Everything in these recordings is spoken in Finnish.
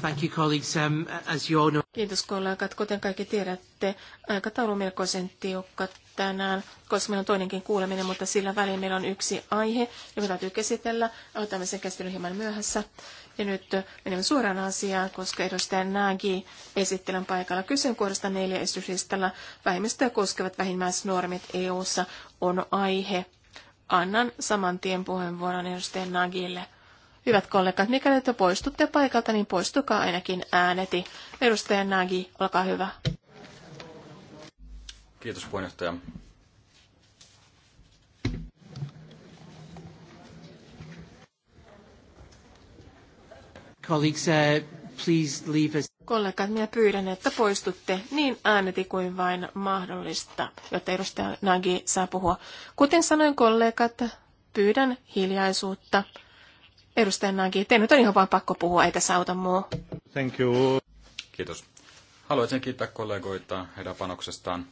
Thank you, colleagues. Um, as you all know... Kiitos kollegat. Kuten kaikki tiedätte, aikataulu on melkoisen tiukka tänään, koska meillä on toinenkin kuuleminen, mutta sillä välin meillä on yksi aihe, joka täytyy käsitellä. Otamme sen käsittelyn hieman myöhässä. Ja nyt menemme suoraan asiaan, koska edustaja Nagi esittelen paikalla. Kysyn kohdasta neljä esityslistalla. Vähemmistöä koskevat vähimmäisnormit EU-ssa on aihe. Annan saman tien puheenvuoron edustaja Nagille. Hyvät kollegat, mikäli te poistutte paikalta, niin poistukaa ainakin ääneti. Edustaja Nagi, olkaa hyvä. Kiitos puheenjohtaja. Colleagues, uh, please leave us. Kollegat, minä pyydän, että poistutte niin ääneti kuin vain mahdollista, jotta edustaja Nagi saa puhua. Kuten sanoin kollegat, pyydän hiljaisuutta. Nanki, te nyt on ihan vain pakko puhua, ei tässä auta muu. Thank you. Kiitos. Haluaisin kiittää kollegoita heidän panoksestaan.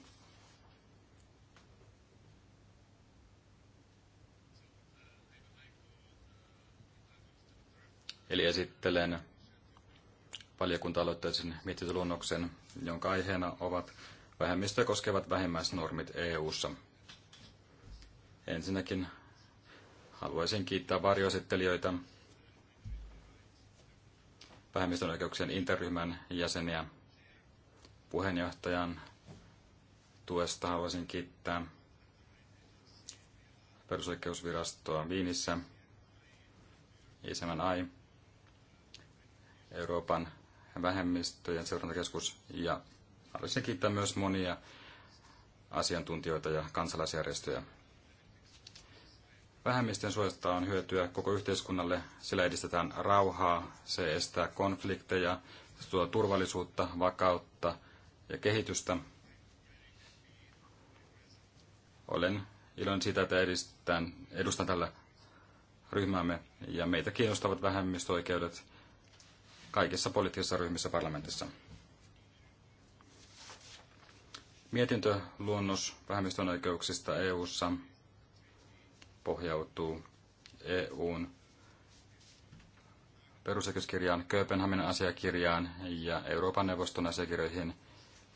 Eli esittelen valiokunta-aloitteisen mietintöluonnoksen, jonka aiheena ovat vähemmistöä koskevat vähimmäisnormit EU:ssa. Ensinnäkin haluaisin kiittää varjoesittelijöitä vähemmistön oikeuksien interryhmän jäseniä. Puheenjohtajan tuesta haluaisin kiittää perusoikeusvirastoa Viinissä, ISMNI, Euroopan vähemmistöjen seurantakeskus ja haluaisin kiittää myös monia asiantuntijoita ja kansalaisjärjestöjä. Vähemmistön suojasta on hyötyä koko yhteiskunnalle, sillä edistetään rauhaa, se estää konflikteja, se tuo turvallisuutta, vakautta ja kehitystä. Olen iloinen siitä, että edistän, edustan tällä ryhmämme ja meitä kiinnostavat vähemmistöoikeudet kaikissa poliittisissa ryhmissä parlamentissa. Mietintöluonnos vähemmistön oikeuksista EU:ssa ssa pohjautuu EUn perusoikeuskirjaan, Kööpenhaminan asiakirjaan ja Euroopan neuvoston asiakirjoihin,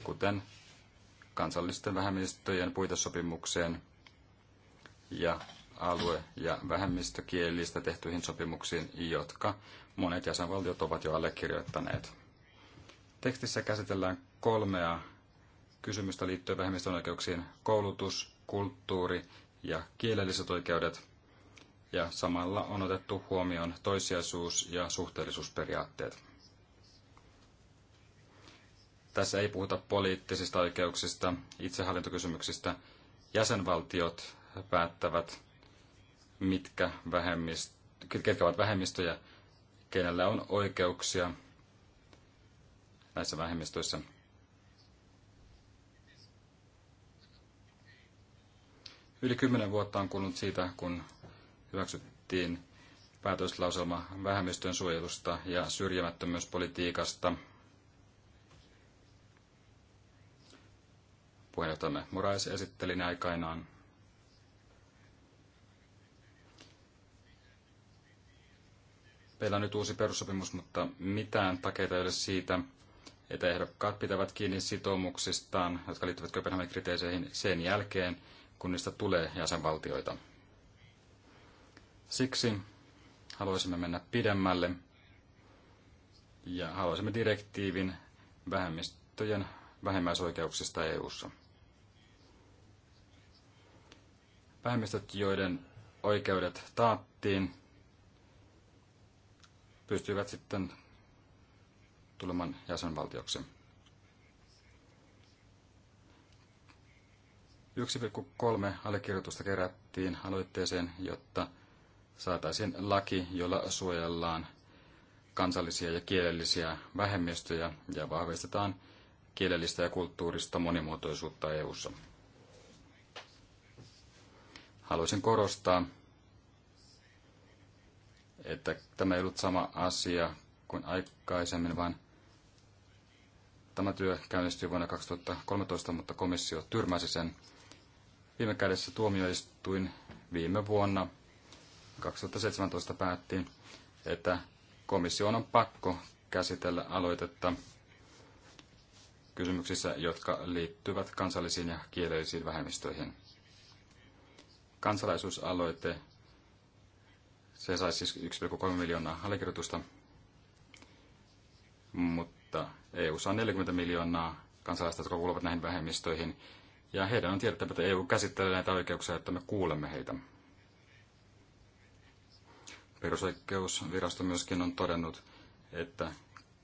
kuten kansallisten vähemmistöjen puitesopimukseen ja alue- ja vähemmistökielistä tehtyihin sopimuksiin, jotka monet jäsenvaltiot ovat jo allekirjoittaneet. Tekstissä käsitellään kolmea kysymystä liittyen vähemmistön oikeuksiin, koulutus, kulttuuri ja kielelliset oikeudet, ja samalla on otettu huomioon toissijaisuus- ja suhteellisuusperiaatteet. Tässä ei puhuta poliittisista oikeuksista, itsehallintokysymyksistä. Jäsenvaltiot päättävät, mitkä vähemmist, ketkä ovat vähemmistöjä, kenellä on oikeuksia näissä vähemmistöissä. Yli kymmenen vuotta on kulunut siitä, kun hyväksyttiin päätöslauselma vähemmistön suojelusta ja syrjimättömyyspolitiikasta. Puheenjohtajamme Morais esitteli ne aikanaan. Meillä on nyt uusi perussopimus, mutta mitään takeita ei ole siitä, että ehdokkaat pitävät kiinni sitoumuksistaan, jotka liittyvät Kööpenhaminan kriteeseihin sen jälkeen, kun niistä tulee jäsenvaltioita. Siksi haluaisimme mennä pidemmälle ja haluaisimme direktiivin vähemmistöjen eu EU:ssa. Vähemmistöt, joiden oikeudet taattiin, pystyivät sitten tulemaan jäsenvaltioksi. 1,3 allekirjoitusta kerättiin aloitteeseen, jotta saataisiin laki, jolla suojellaan kansallisia ja kielellisiä vähemmistöjä ja vahvistetaan kielellistä ja kulttuurista monimuotoisuutta EU:ssa. Haluaisin korostaa, että tämä ei ollut sama asia kuin aikaisemmin, vaan tämä työ käynnistyi vuonna 2013, mutta komissio tyrmäsi sen Viime kädessä tuomioistuin viime vuonna 2017 päätti, että komission on pakko käsitellä aloitetta kysymyksissä, jotka liittyvät kansallisiin ja kielellisiin vähemmistöihin. Kansalaisuusaloite, se saisi siis 1,3 miljoonaa allekirjoitusta, mutta EU saa 40 miljoonaa kansalaista, jotka kuuluvat näihin vähemmistöihin, ja heidän on tiedettävä, että EU käsittelee näitä oikeuksia, että me kuulemme heitä. Perusoikeusvirasto myöskin on todennut, että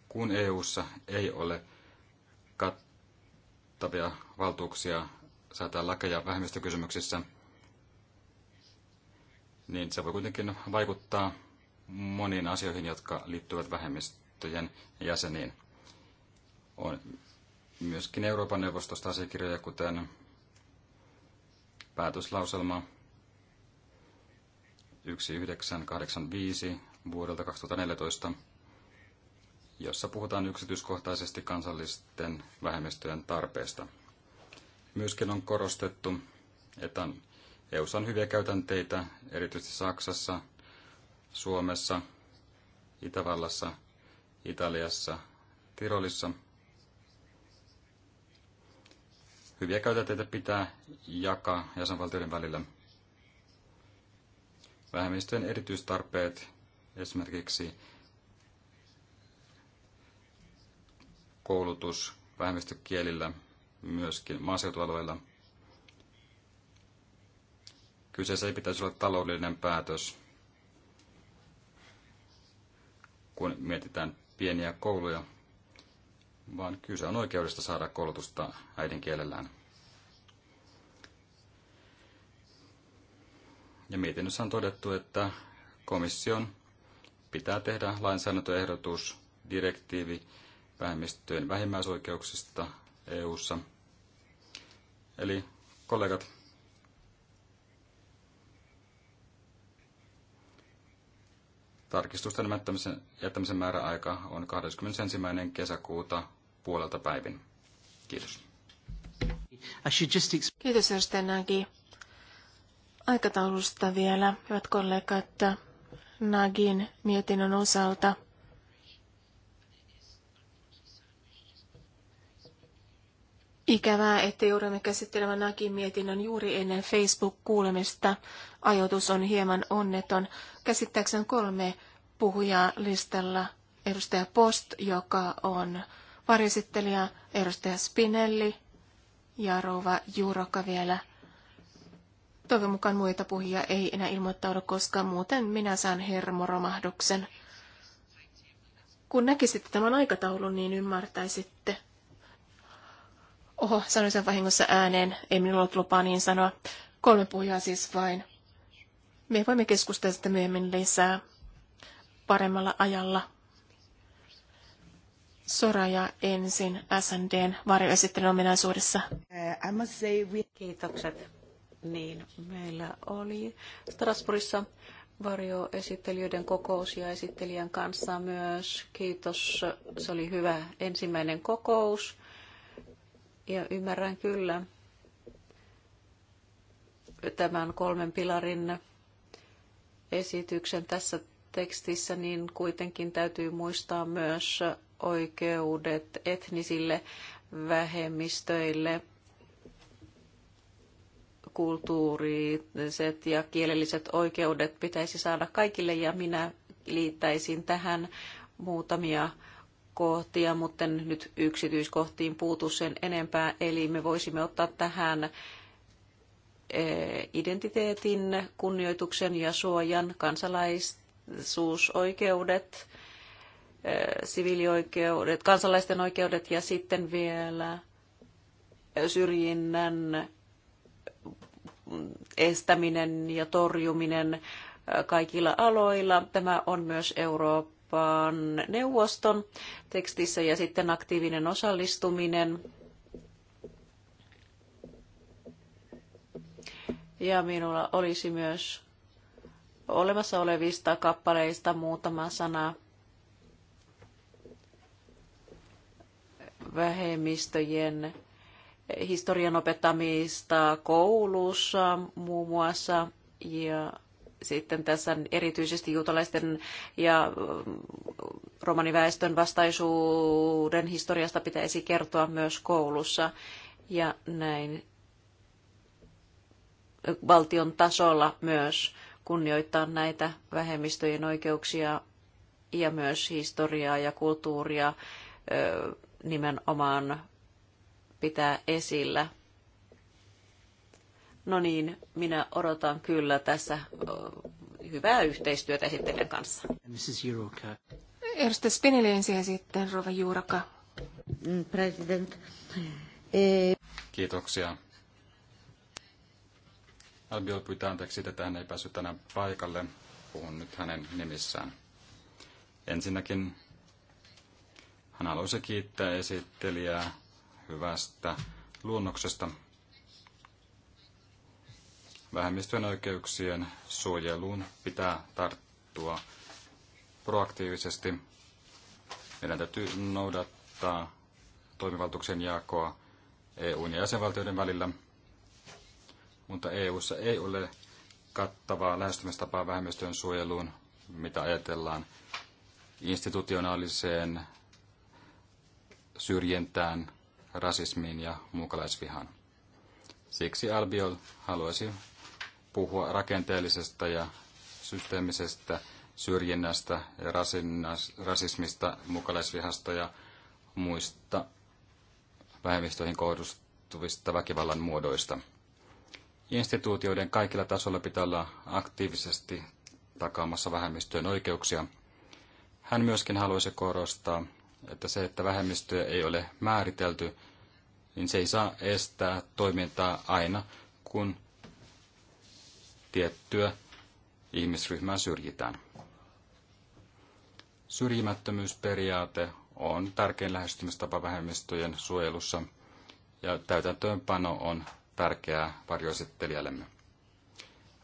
kun EU:ssa ei ole kattavia valtuuksia säätää lakeja vähemmistökysymyksissä, niin se voi kuitenkin vaikuttaa moniin asioihin, jotka liittyvät vähemmistöjen jäseniin. On myöskin Euroopan neuvostosta asiakirjoja, kuten päätöslauselma 1985 vuodelta 2014, jossa puhutaan yksityiskohtaisesti kansallisten vähemmistöjen tarpeesta. Myöskin on korostettu, että on e EUssa on hyviä käytänteitä, erityisesti Saksassa, Suomessa, Itävallassa, Italiassa, Tirolissa – hyviä käytänteitä pitää jakaa jäsenvaltioiden välillä. Vähemmistöjen erityistarpeet, esimerkiksi koulutus vähemmistökielillä, myöskin maaseutualueilla. Kyseessä ei pitäisi olla taloudellinen päätös, kun mietitään pieniä kouluja vaan kyse on oikeudesta saada koulutusta äidinkielellään. Ja mietinnössä on todettu, että komission pitää tehdä lainsäädäntöehdotus, direktiivi vähemmistöjen vähimmäisoikeuksista EU:ssa. Eli kollegat, tarkistusten jättämisen määräaika on 21. kesäkuuta puolelta päivin. Kiitos. Kiitos, Erstenäki. Aikataulusta vielä, hyvät kollegat, Nagin mietinnön osalta. Ikävää, että joudumme käsittelemään Nagin mietinnön juuri ennen Facebook-kuulemista. Ajoitus on hieman onneton. Käsittääkseni kolme puhujaa listalla. Edustaja Post, joka on varjesittelijä edustaja Spinelli ja rouva Juroka vielä. Toivon mukaan muita puhujia ei enää ilmoittaudu, koska muuten minä saan hermoromahduksen. Kun näkisitte tämän aikataulun, niin ymmärtäisitte. Oho, sanoin sen vahingossa ääneen. Ei minulla ollut lupaa niin sanoa. Kolme puhujaa siis vain. Me voimme keskustella sitä myöhemmin lisää paremmalla ajalla. Soraja ensin SNDn varjoesittelyn ominaisuudessa. Eh, Kiitokset. Niin, meillä oli Strasbourgissa varjoesittelijöiden kokous ja esittelijän kanssa myös. Kiitos, se oli hyvä ensimmäinen kokous. Ja ymmärrän kyllä tämän kolmen pilarin esityksen tässä tekstissä, niin kuitenkin täytyy muistaa myös oikeudet etnisille vähemmistöille, kulttuuriset ja kielelliset oikeudet pitäisi saada kaikille ja minä liittäisin tähän muutamia kohtia, mutta en nyt yksityiskohtiin puutu sen enempää. Eli me voisimme ottaa tähän e, identiteetin, kunnioituksen ja suojan kansalaisuusoikeudet, siviilioikeudet, kansalaisten oikeudet ja sitten vielä syrjinnän estäminen ja torjuminen kaikilla aloilla. Tämä on myös Euroopan neuvoston tekstissä ja sitten aktiivinen osallistuminen. Ja minulla olisi myös olemassa olevista kappaleista muutama sana vähemmistöjen historian opettamista koulussa muun muassa ja sitten tässä erityisesti juutalaisten ja mm, romaniväestön vastaisuuden historiasta pitäisi kertoa myös koulussa ja näin valtion tasolla myös kunnioittaa näitä vähemmistöjen oikeuksia ja myös historiaa ja kulttuuria nimenomaan pitää esillä. No niin, minä odotan kyllä tässä hyvää yhteistyötä esittelijän kanssa. Mrs. Juroka. Erste Spinelli ensin ja sitten Rova Juuraka. Mm, president. E- Kiitoksia. Albiol pyytää anteeksi että hän ei päässyt tänään paikalle. Puhun nyt hänen nimissään. Ensinnäkin hän haluaisi kiittää esittelijää hyvästä luonnoksesta. Vähemmistöjen oikeuksien suojeluun pitää tarttua proaktiivisesti. Meidän täytyy noudattaa toimivaltuuksien jakoa EUn ja jäsenvaltioiden välillä, mutta EUssa ei ole kattavaa lähestymistapaa vähemmistöjen suojeluun, mitä ajatellaan institutionaaliseen syrjintään, rasismiin ja muukalaisvihaan. Siksi Albiol haluaisi puhua rakenteellisesta ja systeemisestä syrjinnästä ja rasismista, mukalaisvihasta ja muista vähemmistöihin kohdistuvista väkivallan muodoista. Instituutioiden kaikilla tasoilla pitää olla aktiivisesti takaamassa vähemmistöjen oikeuksia. Hän myöskin haluaisi korostaa että se, että vähemmistöä ei ole määritelty, niin se ei saa estää toimintaa aina, kun tiettyä ihmisryhmää syrjitään. Syrjimättömyysperiaate on tärkein lähestymistapa vähemmistöjen suojelussa, ja täytäntöönpano on tärkeää varjoesittelijällemme.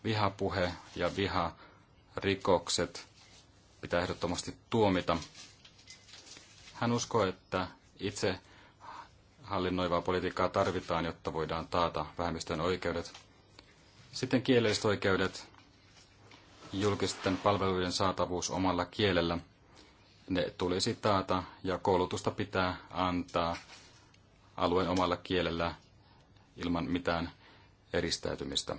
Vihapuhe ja viharikokset pitää ehdottomasti tuomita, hän uskoo, että itse hallinnoivaa politiikkaa tarvitaan, jotta voidaan taata vähemmistön oikeudet. Sitten kielelliset oikeudet, julkisten palveluiden saatavuus omalla kielellä, ne tulisi taata ja koulutusta pitää antaa alueen omalla kielellä ilman mitään eristäytymistä.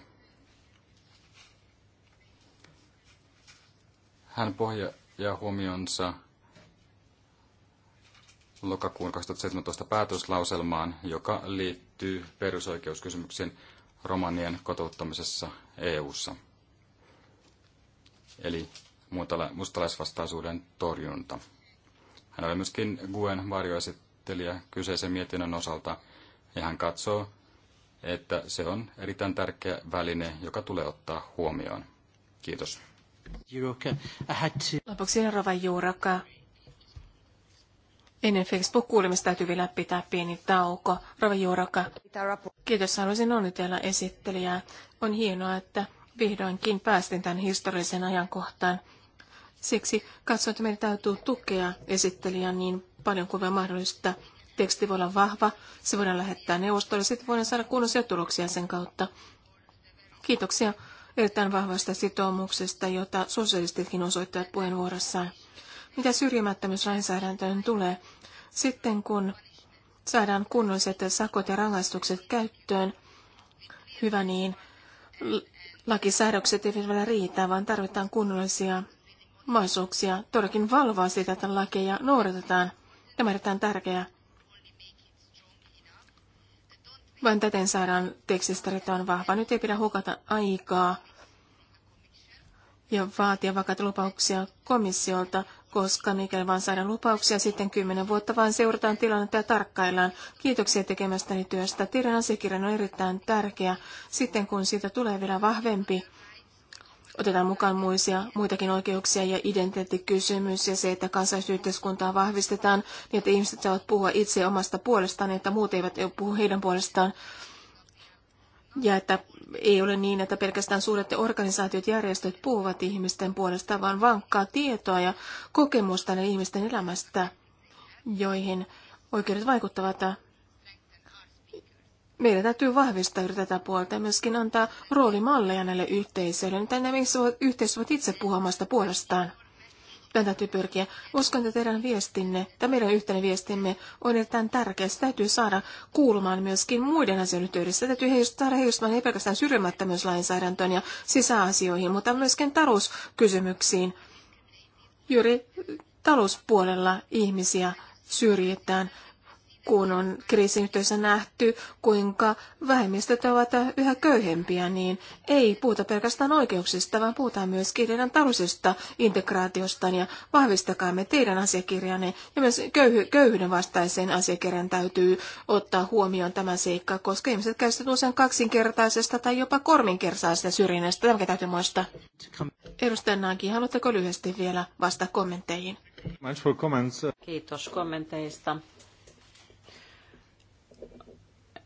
Hän pohjaa huomionsa lokakuun 2017 päätöslauselmaan, joka liittyy perusoikeuskysymyksiin romanien kotouttamisessa EU:ssa. Eli mustalaisvastaisuuden torjunta. Hän oli myöskin Guen varjoesittelijä kyseisen mietinnön osalta, ja hän katsoo, että se on erittäin tärkeä väline, joka tulee ottaa huomioon. Kiitos. Lopuksi Rova Juuraka. Ennen Facebook-kuulemista täytyy vielä pitää pieni tauko. Rova Juuraka, kiitos. Haluaisin onnitella esittelijää. On hienoa, että vihdoinkin päästin tämän historiallisen ajankohtaan. Siksi katson, että meidän täytyy tukea esittelijää niin paljon kuin vielä mahdollista. Teksti voi olla vahva, se voidaan lähettää neuvostolle, sitten voidaan saada kunnollisia tuloksia sen kautta. Kiitoksia erittäin vahvasta sitoumuksesta, jota sosialistitkin osoittavat puheenvuorossaan mitä syrjimättömyyslainsäädäntöön tulee. Sitten kun saadaan kunnolliset sakot ja rangaistukset käyttöön, hyvä niin, lakisäädökset eivät vielä riitä, vaan tarvitaan kunnollisia mahdollisuuksia todellakin valvoa sitä, että lakeja noudatetaan. Tämä on erittäin tärkeää. Vain täten saadaan tekstistä riittävän vahva. Nyt ei pidä hukata aikaa ja vaatia vakaita lupauksia komissiolta, koska mikäli vaan saadaan lupauksia, sitten kymmenen vuotta vaan seurataan tilannetta ja tarkkaillaan. Kiitoksia tekemästäni työstä. Teidän asiakirjan on erittäin tärkeä. Sitten kun siitä tulee vielä vahvempi, otetaan mukaan muisia, muitakin oikeuksia ja identiteettikysymys ja se, että kansallisyhteiskuntaa vahvistetaan niin, että ihmiset saavat puhua itse omasta puolestaan, että muut eivät puhu heidän puolestaan. Ja että ei ole niin, että pelkästään suuret organisaatiot, järjestöt puhuvat ihmisten puolesta, vaan vankkaa tietoa ja kokemusta ne ihmisten elämästä, joihin oikeudet vaikuttavat. Meidän täytyy vahvistaa tätä puolta ja myöskin antaa roolimalleja näille yhteisöille, niin tänne missä yhteisö voi itse puhua puolestaan. Meidän täytyy pyrkiä. Uskon, että teidän viestinne, tai meidän yhteinen viestimme on erittäin tärkeä. Se täytyy saada kuulumaan myöskin muiden asioiden yhteydessä. Se täytyy saada heistä ei pelkästään lainsäädäntöön ja sisäasioihin, mutta myöskin talouskysymyksiin. Juuri talouspuolella ihmisiä syrjitään kun on kriisin yhteydessä nähty, kuinka vähemmistöt ovat yhä köyhempiä, niin ei puhuta pelkästään oikeuksista, vaan puhutaan myös kirjan taloudellisesta integraatiosta ja vahvistakaamme teidän asiakirjanne ja myös köyhy- köyhyyden vastaiseen asiakirjan täytyy ottaa huomioon tämä seikka, koska ihmiset käyvät usein kaksinkertaisesta tai jopa korminkertaisesta syrjinnästä. Tämä täytyy muistaa. Edustaja Nagi, haluatteko lyhyesti vielä vastata kommentteihin? Kiitos kommenteista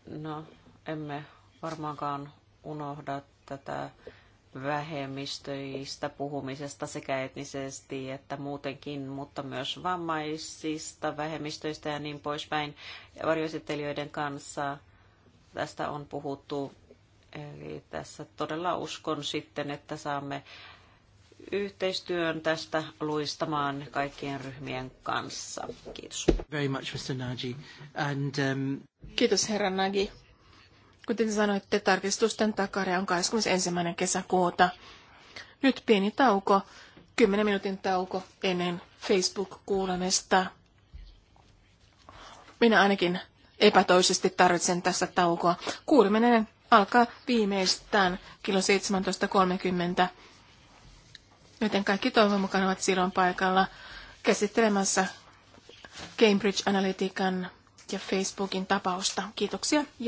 No, emme varmaankaan unohda tätä vähemmistöistä puhumisesta sekä etnisesti että muutenkin, mutta myös vammaisista vähemmistöistä ja niin poispäin. Ja varjoesittelijöiden kanssa tästä on puhuttu. Eli tässä todella uskon sitten, että saamme yhteistyön tästä luistamaan kaikkien ryhmien kanssa. Kiitos. Very much, Mr. Nagy. And, um... Kiitos, herra Nagy. Kuten sanoitte, tarkistusten takare on 21. kesäkuuta. Nyt pieni tauko, 10 minuutin tauko ennen Facebook-kuulemista. Minä ainakin epätoisesti tarvitsen tässä taukoa. Kuuleminen alkaa viimeistään kello 17.30 joten kaikki toivon mukaan ovat silloin paikalla käsittelemässä Cambridge Analytican ja Facebookin tapausta. Kiitoksia.